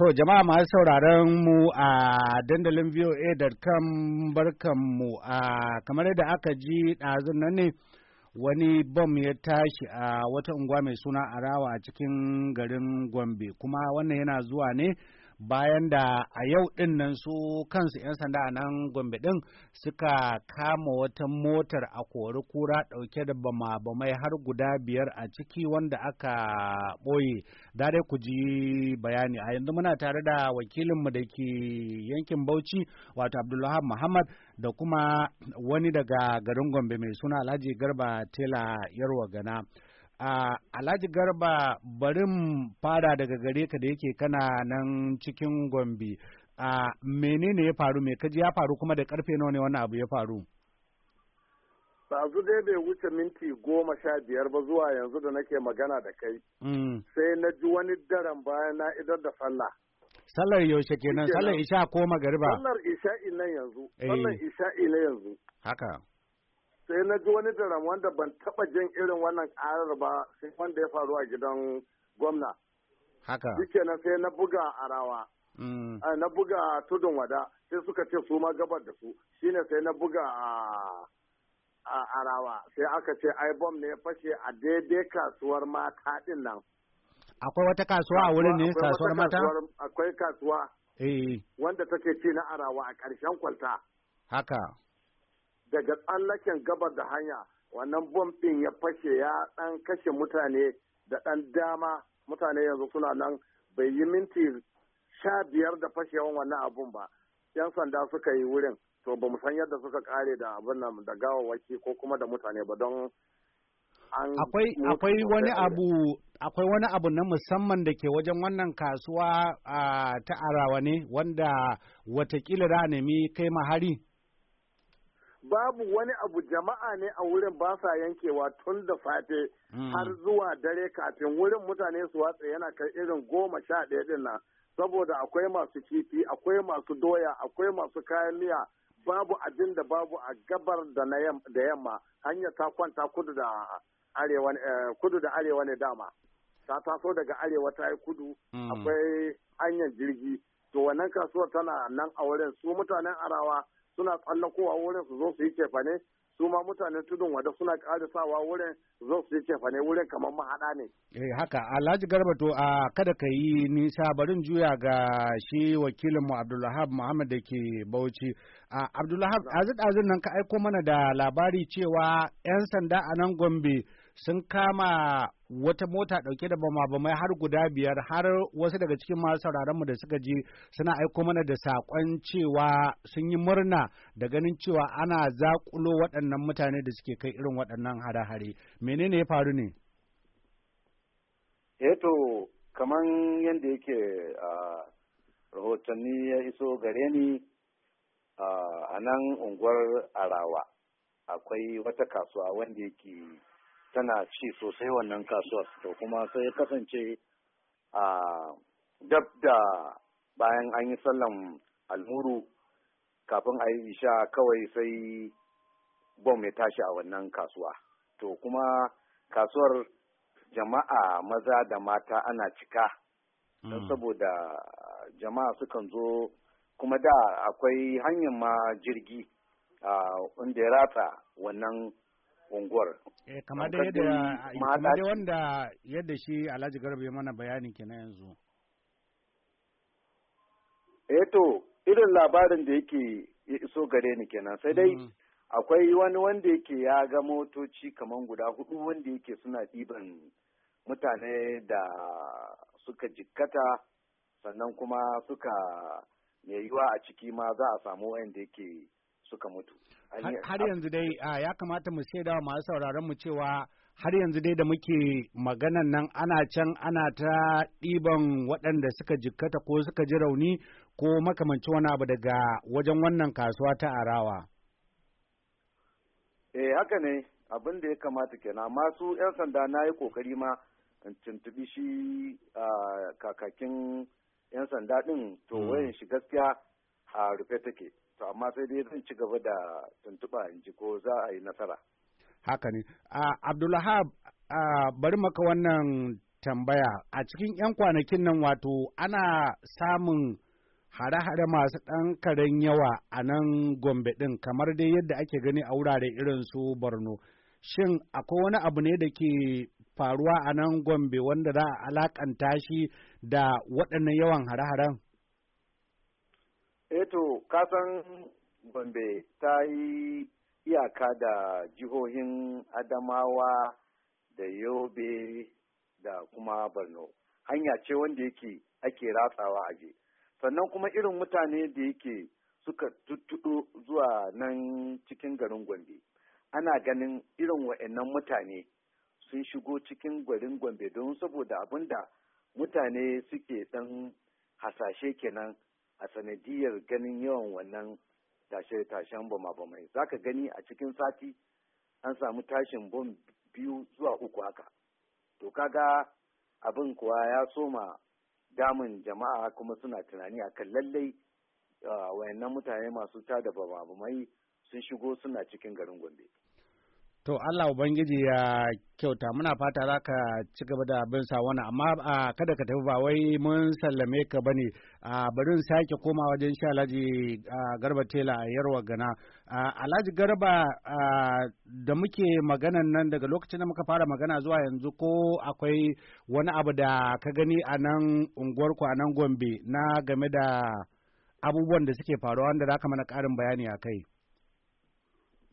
To jama'a masu sauraron mu a dandalin voa.com mu a kamar yadda aka ji ɗazun nan ne wani bom ya tashi a wata unguwa mai suna arawa a cikin garin Gombe kuma wannan yana zuwa ne. bayan da a yau ɗin nan su kansu 'yan sanda a nan gombe ɗin suka kama wata motar a kori kura ɗauke da bama-bamai har guda biyar a ciki wanda aka ɓoye dare ku ji bayani a yanzu muna tare da wakilinmu da ke yankin bauchi wato abdullahi muhammad da kuma wani daga garin gombe mai suna alhaji garba tela yarwa gana Uh, Alhaji Garba barin fara daga gare ka da yake kana nan cikin Gombe. Uh, menene ya faru me kaji ya faru kuma da karfe nawa ne wannan abu ya faru? Yanzu dai bai wuce minti goma sha biyar ba zuwa yanzu da nake magana da kai. Mm. Sai na ji wani daren bayan na idar da sallah. Sallar yaushe kenan sallar isha ko magariba? Sallar isha'i nan yanzu. Eh. Sallar isha'i na yanzu. Haka. sai na ji wani daram wanda ban taba jin irin wannan karar ba sai wanda ya faru a gidan gwamna haka na sai na buga arawa mm. eh, na buga tudun wada sai suka ce su ma gabar da su shine sai na buga a arawa sai aka ce ai bom ne fashe a daidai kasuwar mata din nan akwai wata kasuwa a wurin ne kasuwar mata akwai kasuwa eh. wanda take ci na arawa a ƙarshen kwalta haka daga tsallaken gabar da hanya wannan bom ya fashe ya ɗan kashe mutane da ɗan dama mutane yanzu suna nan bai yi minti sha biyar da fashewan wannan abun ba yan sanda suka yi wurin to ba san yadda suka kare da abin nan da gawawaki ko kuma da mutane ba don akwai akwai wani abu akwai wani abu na musamman da ke wajen wannan kasuwa ta arawa ne wanda watakila da nemi kai mahari babu wani abu jama'a ne a wurin ba sa yankewa tun da safe hmm. har zuwa dare kafin wurin mutane su watsa yana kai irin goma sha ɗaya ɗin nan saboda akwai masu kifi akwai masu doya akwai masu kayan miya babu abin da babu a gabar da da yamma hanya ta kwanta kudu da arewa eh, kudu da arewa ne dama ta taso daga arewa ta yi kudu hmm. akwai hanyar jirgi to wannan kasuwar tana nan a wurin su mutanen arawa suna tsallakowa wurin su zo su yi cefane su ma mutanen tudun wada suna sawa wurin zo su yi cefane wurin kamar mahaɗa ne. Eh haka Alhaji Garba to a kada ka yi nisa barin juya ga shi wakilin mu Abdullahab Muhammad da ke Bauchi. Abdullahab Abdulwahab azid nan ka aiko mana da labari cewa 'yan sanda a nan Gombe sun kama wata mota dauke da bama-bamai har guda biyar har wasu daga cikin masu sauraronmu da suka ji suna aiko mana da saƙon cewa sun yi murna da ganin cewa ana zaƙulo waɗannan mutane da suke kai irin waɗannan hare-hare menene ya faru ne eto eh kamar yadda yake a rahotanni ya iso gare ni a nan unguwar arawa akwai wata kasuwa wanda yake tana ci sosai wannan kasuwar to kuma sai ya kasance a dab da bayan an yi sallan almuru kafin a yi isha kawai sai bom ya tashi a wannan kasuwa to kuma kasuwar jama'a maza da mata ana cika don hmm. saboda jama'a sukan zo kuma da akwai hanyar ma jirgi a inda ya ratsa wannan unguwar. Eh, kamar da yadda eh, kamar da yadda shi Alhaji Garba ya mana bayani kenan yanzu. Eh to irin labarin da yake ya iso gare ni kenan sai dai mm. akwai wani wanda yake ya ga motoci kamar guda hudu wanda yake suna ɗiban mutane da suka jikkata sannan kuma suka mai a ciki ma za a samu wanda yake suka mutu. Har yanzu dai ya kamata mu sai dawa masu sauraron mu cewa har yanzu dai da muke maganan nan ana can ana ta ɗiban waɗanda suka jikkata ko suka ji rauni ko makamanci wani abu daga wajen wannan kasuwa ta arawa. Eh haka ne abin da ya kamata kenan masu 'yan sanda na yi kokari ma in tuntubi shi kakakin 'yan sanda ɗin to hmm. wayan shi gaskiya a rufe take to amma sai dai zan ci gaba da tuntuɓa in ji ko za a yi nasara haka ne Abdullahab, bari maka wannan tambaya a cikin 'yan kwanakin nan wato ana samun hare-hare masu ɗan karen yawa a nan gombe ɗin kamar dai yadda ake gani a wurare irin su borno shin akwai wani abu ne da ke faruwa a nan gombe wanda za a alakanta shi da waɗannan yawan hare-haren eto eh kasan gombe ta yi iyaka da jihohin adamawa da yobe da kuma borno hanya ce wanda yake ake ratsawa aje sannan kuma irin mutane da yake suka tuttuɗo zuwa nan cikin garin gombe ana ganin irin wa'annan mutane sun shigo cikin garin gombe don saboda abinda mutane suke ɗan hasashe kenan a sanadiyar ganin yawan wannan tashe-tashen bama-bamai za ka gani a cikin sati an samu tashin bom biyu zuwa uku haka to kaga abin kuwa ya soma damun jama'a kuma suna tunani a kan lallai ah, wayannan mutane masu tada bama-bamai sun shigo suna cikin garin gombe To Allah Ubangiji ya kyauta muna fata za ka ci gaba da bin wani amma kada ka tafi ba wai mun sallame ka ba ne bane barin sake koma wajen sha Alhaji Garba Tela a Yarwa Gana. Alhaji Garba da muke maganan nan daga lokacin da muka fara magana zuwa yanzu ko akwai wani abu da ka gani a nan unguwarku a nan Gombe na game da abubuwan da suke faruwa wanda za ka mana ƙarin bayani a kai.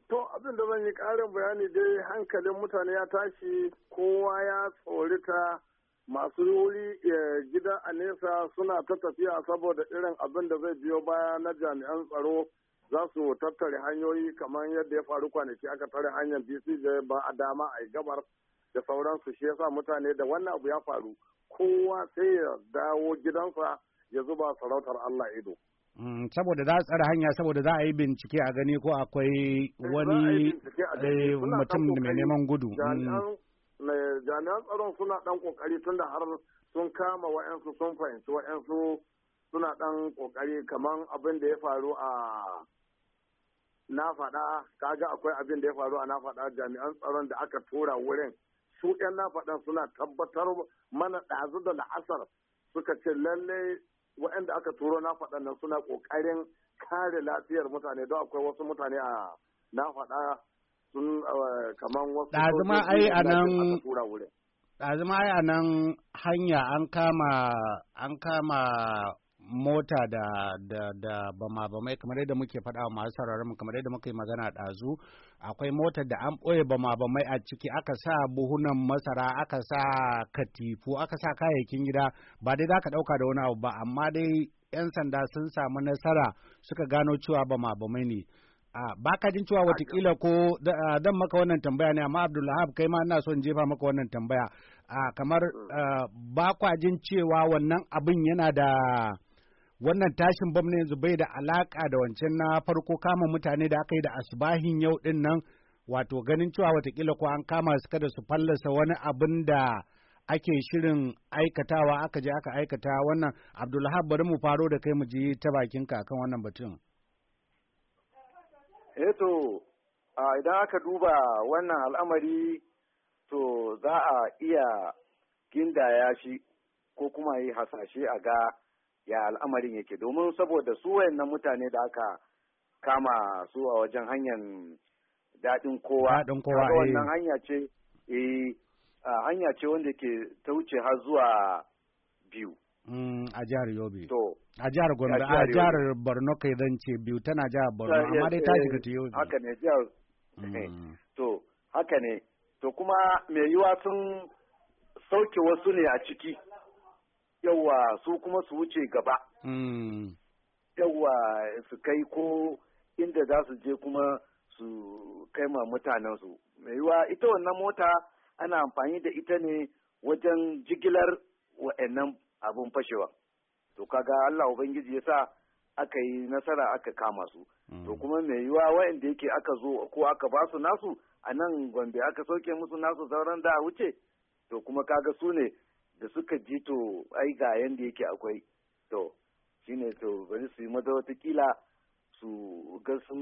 To abin da zan yi ƙarin bayani dai hankalin mutane ya tashi kowa ya tsorita masu wuri eh, gida a nesa suna ta tafiya saboda irin abin da zai biyo baya na jami'an tsaro za su tattare hanyoyi kamar yadda ya faru kwanaki aka tare hanyar da ba a dama a gabar da sauransu shi yasa mutane da wannan abu ya faru kowa sai ya dawo gidansa ya zuba sarautar allah ido Mm, saboda za a tsara hanya saboda za a yi bincike a gani ko akwai eh, wani eh, mutum mai neman gudu mm. jami'an tsaron suna dan kokari tunda har sun kama wa'yansu sun fahimci wa'yansu suna dan kokari kamar abin da ya faru a na faɗa kaga akwai abin da ya faru a na faɗa jami'an tsaron da aka tura wurin su 'yan na faɗan suna tabbatar mana ɗazu da la'asar suka ce lallai waɗanda aka turo na faɗa nan suna ƙoƙarin kare lafiyar mutane don akwai wasu mutane a na faɗa sun uh, kaman wasu ɗazuma ai a nan ɗazuma ai a nan hanya an kama an kama mota da da da bama bamai kamar yadda muke faɗa masu sauraron mu kamar yadda muka yi magana ɗazu akwai mota da an ɓoye bama bamai a ciki aka sa buhunan masara aka sa katifu aka sa kayayyakin gida ba dai za ka ɗauka da wani abu ba amma dai 'yan sanda sun samu nasara suka gano cewa bama bamai ne ba ka jin cewa watakila ko dan maka wannan tambaya ne amma abdullahab kai ma ina so in jefa maka wannan tambaya kamar ba kwa jin cewa wannan abin yana da wannan tashin bam ne yanzu bai da alaka da wancan na farko kama mutane da aka yi da asbahin yau din nan wato ganin cewa watakila ko an kama su kada su fallasa wani abin da ake shirin aikatawa aka je aka aikata wannan abdulhab bari mu faro da kai mu ji ta bakin ka kan wannan batun eto eh idan aka duba wannan al'amari to za a iya gindaya shi ko kuma yi hasashe a ga ya al'amarin yake domin saboda su wayannan mutane da aka kama su a wajen hanyar daɗin kowa daɗin kowa wannan eh. hanya ce eh, hanya ce wanda ke ta wuce har zuwa biyu mm, a jihar Yobe to a jihar Gombe a jihar Borno kai zan ce biyu tana jihar Borno amma dai ta eh, shiga ta Yobe haka ne jihar mm. to haka ne to kuma mai yiwa sun sauke wasu ne a ciki yawa su kuma su wuce gaba hmm. yawa su kai ko inda za su je kuma su kai ma mutanensu su yiwa ita wannan mota ana amfani da ita ne wajen jigilar wa'annan abin fashewa to kaga Allah ubangiji ya sa aka yi nasara aka kama su hmm. to kuma mai yiwa wa'anda yake aka zo ko aka ba su nasu a nan gombe aka sauke musu nasu sauran da wuce to kuma kaga su ne da suka ji to ai ga yanda yake akwai to shine to bari su yi maza watakila su ga sun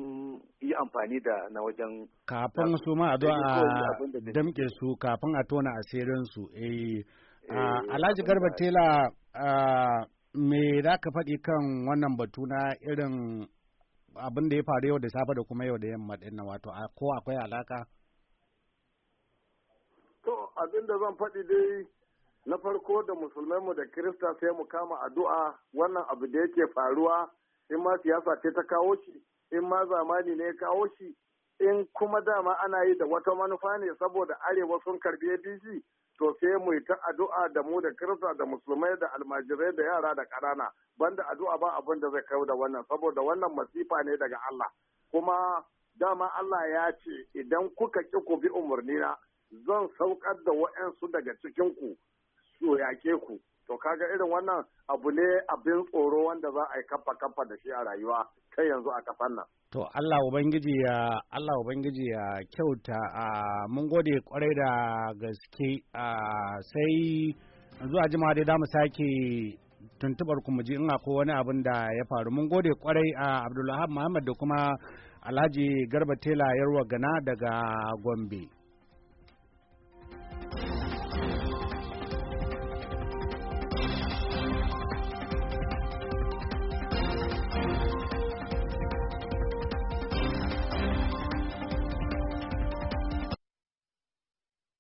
yi amfani da na wajen kafin su ma a zuwa a damke su kafin a tona asirin su eh. eh alhaji garba tela me za ka faɗi kan wannan batu na irin abin da ya faru yau da safe da kuma yau da yamma din wato ko akwai alaka to abin da zan faɗi dai na farko da musulmai mu da kirista sai mu kama addu'a wannan abu da yake faruwa in ma siyasa ce ta kawo shi in ma zamani ne ya kawo shi in kuma dama ana yi da wata manufa ne saboda arewa sun karbi APC to sai mu yi ta addu'a da mu da kirista da musulmai da almajirai da yara da ƙanana banda addu'a ba abin da zai kawo da wannan saboda wannan masifa ne daga Allah kuma dama Allah ya ce idan kuka ki ku bi umarnina zan saukar da wa'ansu daga cikin ku su yaƙe ku to kaga irin wannan abu ne abin tsoro wanda za a yi kafa kafa da shi a rayuwa kai yanzu a kasan nan to Allah ubangiji ya Allah ubangiji ya kyauta mun gode kwarai da gaske sai zuwa jima dai damu sake tuntubar ku ji in akwai wani abin da ya faru mun gode kwarai a Abdullahi Muhammad da kuma Alhaji Garba Tela Yarwa Gana daga Gombe